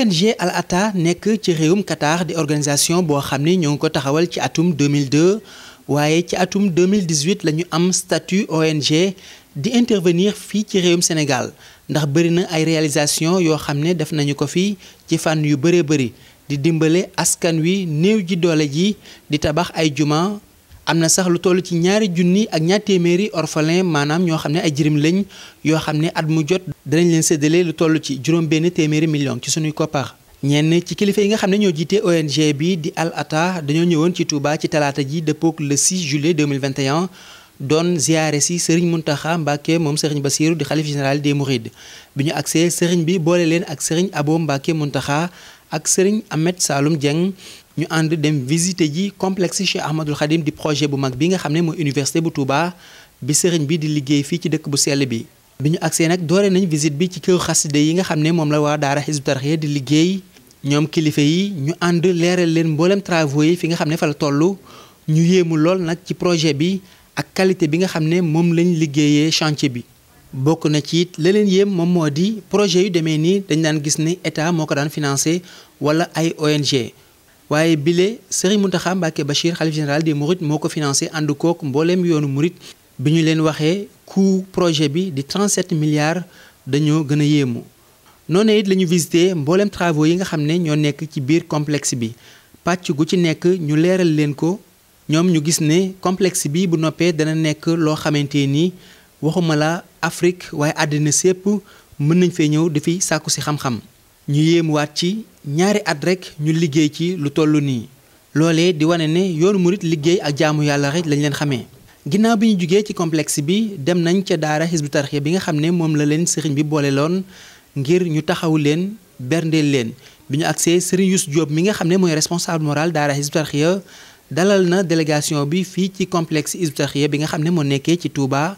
ONG Al Ataa nekk ci réewum Qatar di organisation boo xam ni ñoo ngi ko taxawal ci atum 2002 waaye ci atum 2018 la ñu am statut ONG di intervenir fii ci réewum Sénégal ndax bëri na ay réalisation yoo xam ne def nañu ko fii ci fànn yu bëree bëri di dimbale askan wi néew ji doole ji di tabax ay juma am na sax lu toll ci ñaari junni ak ñaar téeméeri orphelin maanaam ñoo xam ne ay jirim lañ yoo xam ne at mu jot danañ leen séddale lu toll ci juróom benn téeméeri million ci sunuy koppar ñenn ci kilifa yi nga xam ne ñoo jiite ONG bi di Al Ataa dañoo ñëwoon ci Touba ci talaata ji dëppook le 6 juillet 2021 doon ziare si sëriñ Muntaxa Mbàkke moom sëriñ Basiiru di xalif général des Mourides bi ñu agsee sëriñ bi boole leen ak sëriñ Abo Mbàkke Muntaxa ak sëriñ Ahmed Saloum Dieng ñu ànd dem visiter ji complexe Cheikh Ahmadul Khadim di projet bu mag bi nga xam ne mooy université bu Touba bi sëriñ bi di liggéey fii ci dëkk bu sell bi. bi ñu agsee nag doore nañu visite bi ci këru xaside yi nga xam ne moom la waa daara Hizbut Tarqiyyah di liggéey ñoom kilifa yi ñu ànd leeral leen mboolem travaux yi fi nga xam ne fa la toll ñu yéemu lool nag ci projet bi ak qualité bi nga xam ne moom lañ liggéeyee chance bi. bokk na ci it la leen yéem moom moo di projet yu demee nii dañ daan gis ni état moo ko daan financé wala ay ONG. waaye bile Serigne Mountakha Mbacké Bachir xalif général di Mourides moo ko financé ànd kook mbooleem yoonu Mouride bi ñu leen waxee ku projet bi di 37 milliards dañoo gën a yéemu. noonu it la ñu visité mbooleem travaux yi nga xam ne ñoo nekk ci biir complexe bi pàcc gu ci nekk ñu leeral leen ko ñoom ñu gis ne complexe bi bu noppee dana nekk loo xamante ni waxuma la Afrique waaye àddina sépp mën nañ fee ñëw di fi sàkku si xam-xam ñu yéemuwaat ci. ñaari at rek ñu liggéey ci lu toll nii loole di wane ne yoonu murit liggéey ak jaamu yàlla rek lañ leen xamee ginnaaw bi ñu jugee ci complexe bi dem nañ ca daara Hizbut Tarqiyyah bi nga xam ne moom la leen sëriñ bi booleeloon ngir ñu taxaw leen berndeel leen bi ñu agsee sëriñ Youssou mi nga xam ne mooy responsable moral daara Hizbut Tarqiyyah dalal na délégation bi fii ci complexe Hizbut Tarqiyyah bi nga xam ne moo nekkee ci Touba.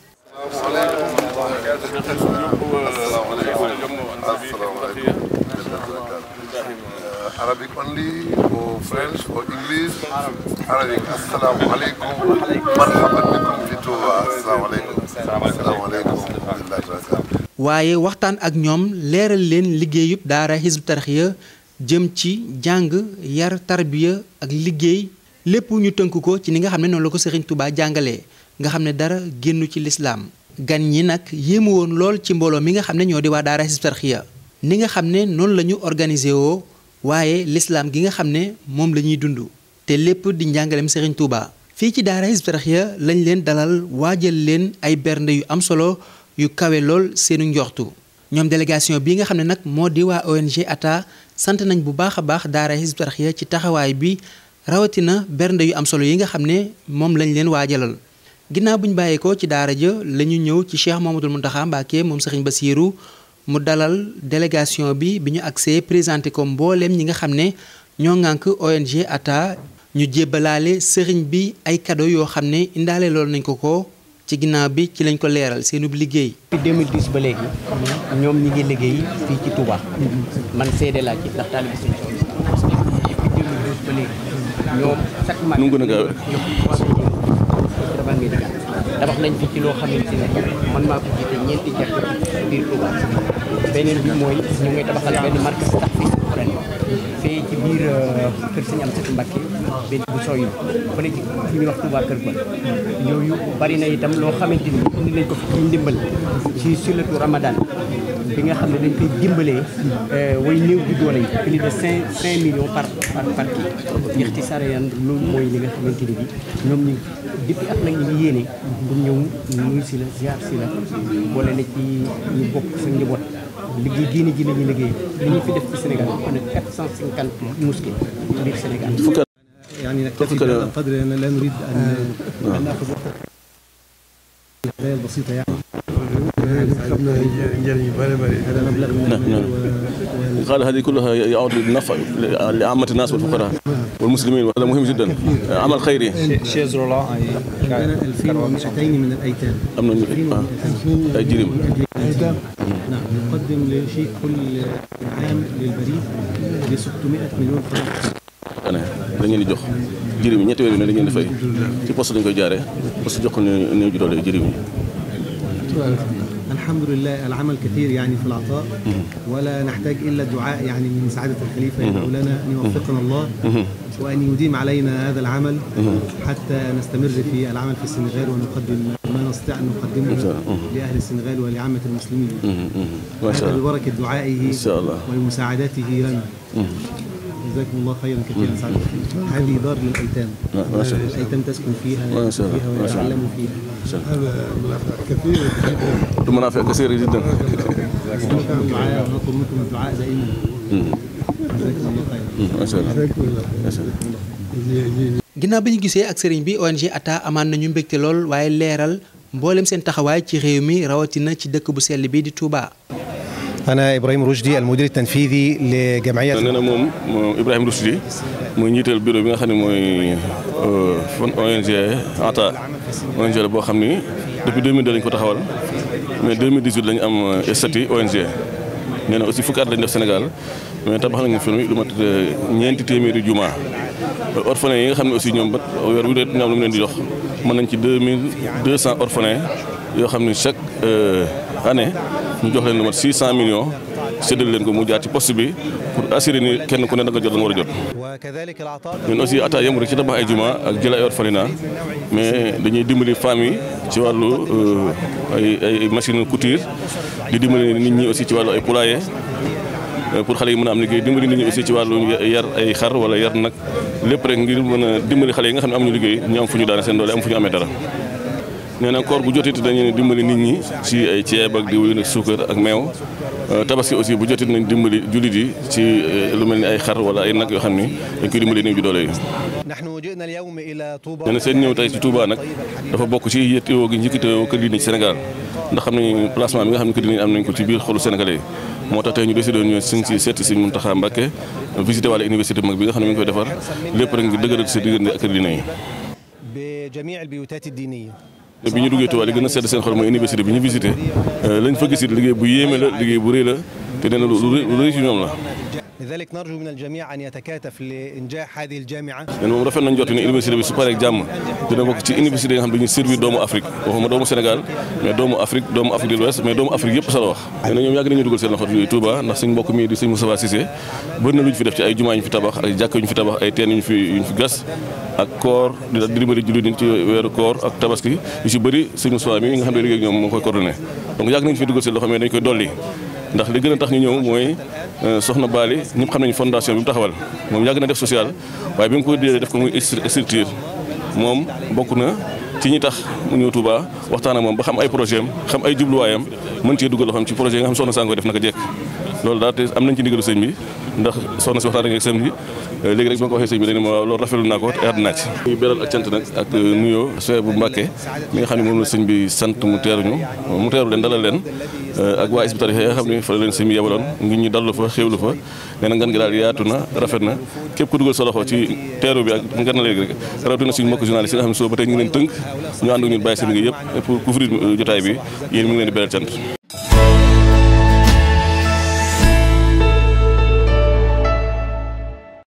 waaye waxtaan ak ñoom leeral leen liggéeyub daara Hizbut Tarqiyyah jëm ci jàng yar tarbiya ak liggéey lépp ñu tënk ko ci ni nga xam ne noonu la ko Serigne Touba jàngale nga xam ne dara génnu ci lislaam gan ñi nag yéemu woon lool ci mbooloo mi nga xam ne ñoo di waa daara Hizbut Tarqiyyah ni nga xam ne noonu lañu ñu organisé woo waaye lislaam gi nga xam ne moom la ñuy dund te lépp di njàngaleem Serigne Touba. fii ci daara Hizbut Tarqiyyah lañ leen dalal waajal leen ay bernde yu am solo yu kawe lool seenu njoxtu ñoom délégation bi nga xam ne nag moo di waa ONG ATA sant nañ bu baax a baax daara Hizbut Tarqiyyah ci taxawaay bi rawatina bernde yu am solo yi nga xam ne moom lañ leen waajalal. ginnaaw bu ñu bàyyeekoo ci daara ja la ñu ñëw ci Cheikh Mouhamadoul Mountakha Mbacké moom Serigne Bassirou mu dalal délégation bi bi ñu agsee présenté ko mbooleem ñi nga xam ne ñoo ŋànk ONG ATA ñu jébbalaale sëriñ bi ay cadeau yoo xam ne indaale loolu nañ ko ko ci ginnaaw bi ci lañ ko leeral seen seenub liggéey. ba léegi ñoom ñi ngi liggéey fii ci Touba. Moustapha Mbène Diagne tabax nañ fi ci loo xamante ne man maa ko jiite ñeenti jàkka ci biir Touba beneen bi mooy ñu ngi fi ci biir euh, kër Sëñ Amsatu Mbàkke benn bu sooy fële ci fi ñuy wax Touba kër Gol yooyu bari na itam loo xamante bi indi nañ ko fi ci ndimbal ci surtout Ramadan bi nga xam ne dañ koy dimbalee euh, way néew di doole yi plus de cinq cinq millions par par par kii yëxti sarayan loolu mooy li nga xamante bi ñoom ñu depuis at nag ñu ngi yéene pour ñëw nuyu si la ziar si la boole la ci ñu bokk sa njaboot liggéey diine ji la ñuy liggéey li ñu fi def ci Sénégal on est quatre cent cinquante mosquées ci biir Sénégal يعني نكتفي بهذا القدر لأن لا نريد أن أن نأخذ القضايا البسيطة يعني. هذا مبلغ من قال هذه كلها يعود للنفع لعامة الناس والفقراء والمسلمين وهذا مهم جدا عمل خيري شيء يزر الله 2200 من الايتام امن اجرم الايتام نعم يقدم لشيء كل عام للبريد ل 600 مليون فرنك ane dañu leen di jox jërim yi ñetti weer yu ne dañu leen di fay ci poste lañu koy jaaree poste jox ko néew ju doole jërim yi الحمد لله العمل كثير يعني في العطاء ولا نحتاج إلا الدعاء يعني من سعادة الخليفة يدعو لنا أن يوفقنا الله وأن يديم علينا هذا العمل حتى نستمر في العمل في السنغال ونقدم ما نستطيع أن نقدمه لأهل السنغال ولعامة المسلمين ما شاء الله ببركة دعائه إن شاء الله ومساعدته لنا جزاكم الله خيرا كثيرا سعد هذه دار للايتام الايتام تسكن فيها ما شاء الله فيها ويتعلموا فيها هذا منافع كثيره جدا منافع كثيره جدا معايا ونطلب منكم الدعاء دائما جزاكم الله خيرا ما شاء الله ما شاء الله ginnaaw bi ñu gisee ak sëriñ bi ONG ATA amaan nañu mbégte lool waaye leeral mboolem seen taxawaay ci réew mi rawatina ci dëkk bu sell bi di Touba. ana Ibrahim Rushdi al mudir tanfidi li jamaiyat nee na moom Ibrahim Rushdi mooy njiital bureau bi nga xam ne mooy fon ONG ATA ONG la boo xam ni depuis 2002 lañ ko taxawal mais 2018 lañ am statut ONG. nee na aussi fukki at lañ def Sénégal mais tabax nañu fi lu mat ñeenti téeméeri juma orphelin yi nga xam ne aussi ñoom ba weer wu ñu am leen di jox mën nañ ci deux mille deux cent orphelin yoo xam ne chaque. Euh, année ñu jox leen lu mat 600 millions séddale leen ko mu jaar ci post bi pour assurer ni kenn ku ne da nga jot da nga war a jot. ñun aussi ataa yëngu rek ci tabax ay juma ak jël ay orphelinat mais dañuy dimbali femmes yi ci wàllu euh, ay ay machine couture di dimbali nit ñi aussi ci wàllu ay poulailler. Euh, pour xale yi mën a am liggéey dimbali nit ñi aussi ci wàllu yar ay xar wala yar nag lépp rek ngir mën a dimbali xale yi nga xam ne amuñu liggéey ñu am ñu daane seen doole am fu ñu amee dara. nee na koor bu jotit dañu dimbali nit ñi ci ay ceeb ak diwlin ak suukar ak meew euh, tabaski aussi bu jotit nañ dimbali jullit yi ci euh, lu mel ni ay xar wala ay nag yoo xam ni dañ koy dimbali néew ju doole yi nee na seen ñëw tey ci Touba nag dafa bokk ci yéttewoo gi njëkkitewoo kër diine ci Sénégal ndax xam ne placement bi nga xam ne kër diine am nañ ko ci biir xolu sénégalais yi moo tax tey ñu décidé ñu suñ si seet si Mountakha Mbacké visité wala université mag bi nga xam ne mi ngi koy defar lépp rek ngir dëgëral si diggante ak bi ñu duggee Tuubaa li gën a sedd seen xol mooy université bi ñu visité euh, lañ fa gis liggéey bu yéeme la liggéey bu rëy la te nee lu rëy la لذلك نرجو من الجميع أن يتكاتف لإنجاح هذه الجامعة moom rafet nañ jot université bi su paree jàmm dina bokk ci université nga xam dañuy servir doomu Afrique waxuma doomu Sénégal mais doomu Afrique doomu Afrique de l'Ouest mais doomu Afrique yëpp sa la wax nee na dugal seen na lu ñu teen ñu ñu fi gas ak koor di dimbali jullit ñi ci weeru koor ak tabaski yu si bëri suñ mi nga xam ne liggéey ñoom moo koy coordonné donc mooy Euh, soxna Bali ñëpp xam nañu fondation bi mu taxawal moom yàgg na def social waaye bi mu ko dee def ko muy structure moom bokk na ci ñi tax mu ñëw Touba waxtaan a moom ba xam ay projet am xam ay jubluwaayam mën cee dugal loo xam ci projet yi nga xam soxna Sango def naka jekk loolu daal te am nañ ci ndigalu sëñ bi ndax soxna si waxtaan ak sëñ bi euh, léegi rek bi ma ko waxee sëñ bi dañ ma waaw rafetlu naa ko te àdd naa ci ñu beral ak cant euh, nga xam ne moom la sëñ bi sant mu ñu mu teeru leen dalal leen euh, ak waa isbitar yi xam ne fa la leen sëñ bi yebaloon ngir ñu dallu fa xéewlu fa nee na gi daal yaatu na rafet na képp ku dugal sa loxo ci teeru bi ak ngan na léegi rek rawatina suñu mbokk journaliste yi nga xam ne soo ba tey ñu leen tënk ñu ànd ak ñun bàyyi seen liggéey yëpp couvrir jotaay bi yéen mu ngi leen di beral cant